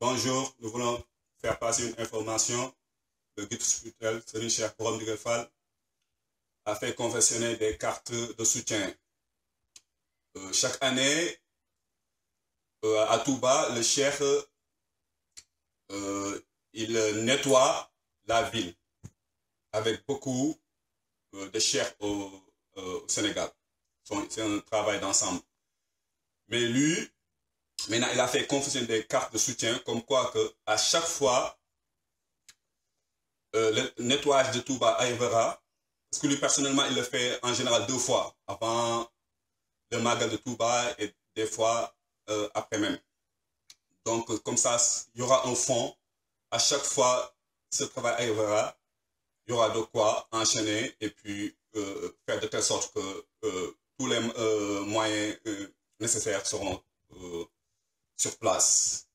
Bonjour, nous voulons faire passer une information. Le guide spirituel de Cheikh Borom a fait confectionner des cartes de soutien. Euh, chaque année, euh, à Touba, le chef euh, il nettoie la ville avec beaucoup de chefs au, au Sénégal. C'est un travail d'ensemble. Mais lui, Maintenant, il a fait confusion des cartes de soutien, comme quoi que à chaque fois, euh, le nettoyage de Touba arrivera. Parce que lui, personnellement, il le fait en général deux fois, avant le magal de Touba et des fois euh, après même. Donc, comme ça, il y aura un fond. À chaque fois, ce travail arrivera. Il y aura de quoi enchaîner et puis euh, faire de telle sorte que tous les moyens nécessaires seront sur place.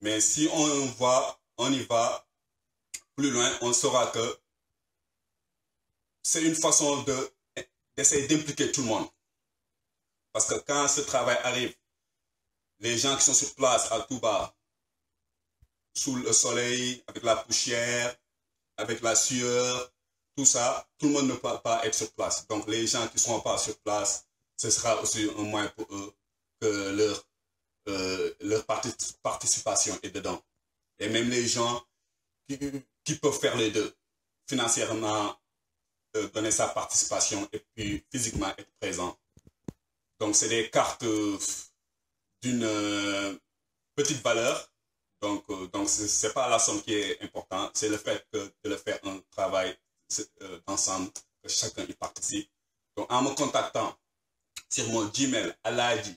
Mais si on voit, on y va plus loin, on saura que c'est une façon de d'essayer d'impliquer tout le monde. Parce que quand ce travail arrive, les gens qui sont sur place à tout bas, sous le soleil, avec la poussière, avec la sueur, tout ça, tout le monde ne peut pas être sur place. Donc les gens qui ne sont pas sur place, ce sera aussi un moyen pour eux que leur euh, leur participation est dedans. Et même les gens qui, peuvent faire les deux, financièrement euh, donner sa participation et puis physiquement être présent. Donc c'est des cartes euh, d'une petite valeur. Donc donc c'est pas la somme qui est importante, c'est le fait de le faire un travail ensemble, que chacun y participe. Donc en me contactant sur mon Gmail, aladi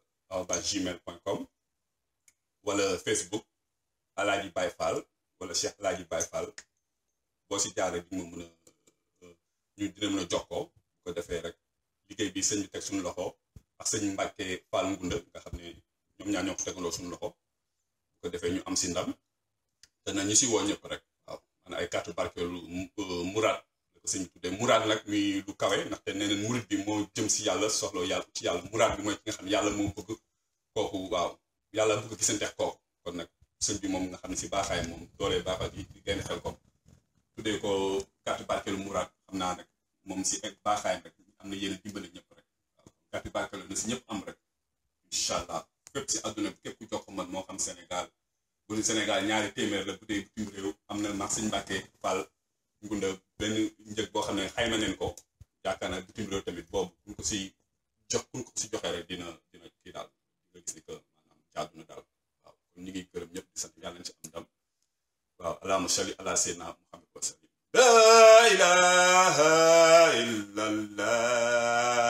arobase gmail point com wala Facebook Alaaji Baye Fall wala Cheikh Alaaji Baye Fall boo si jaaree bi mu mën a euh, ñu dina mën a ko bu ko defee rek liggéey bi sëñ teg suñu loxo ak sëñ Mbàkke Fall Ngunda nga xam ne ñoom ñaar ñoo ko tegandoo suñu loxo bu ko defee ñu am si ndam na ñu si woo ñëpp rek waaw man ay carte barkeelu euh, Mourad sëñ bi tuddee muraad nag muy lu kawe ndaxte nee neen bi moo jëm si yàlla soxla yàlla ci yàlla muraad bi mooy ki nga xam yàlla moo bëgg kooku waaw yàlla bëgg gisanteex kooku kon nag sëñ bi moom nga xam ne si baaxaay moom doolee baaxal yi di génn xel kom tuddee ko kàttu barkeelu muraad xam naa nag moom si ek baaxaayam rek am na yéen dimbale ñëpp rek waaw kàttu barkeelu na si ñëpp am rek incha allah fépp si àdduna bi jox man moo xam Sénégal bu ñu Sénégal téeméer Ngunda benn njëg boo xam ne xayma neen ko yaakaar naa bitim réew tamit boobu kuñ ko si jox kuñ ko si joxe rek dina dina kii daal dina gis ni que maanaam jaadu na daal waaw kon ñu ngi gërëm ñëpp di sant yàlla nañ si am ndam waaw allahumma salli ala sayyidina muhammad wa sallim la ilaha illallah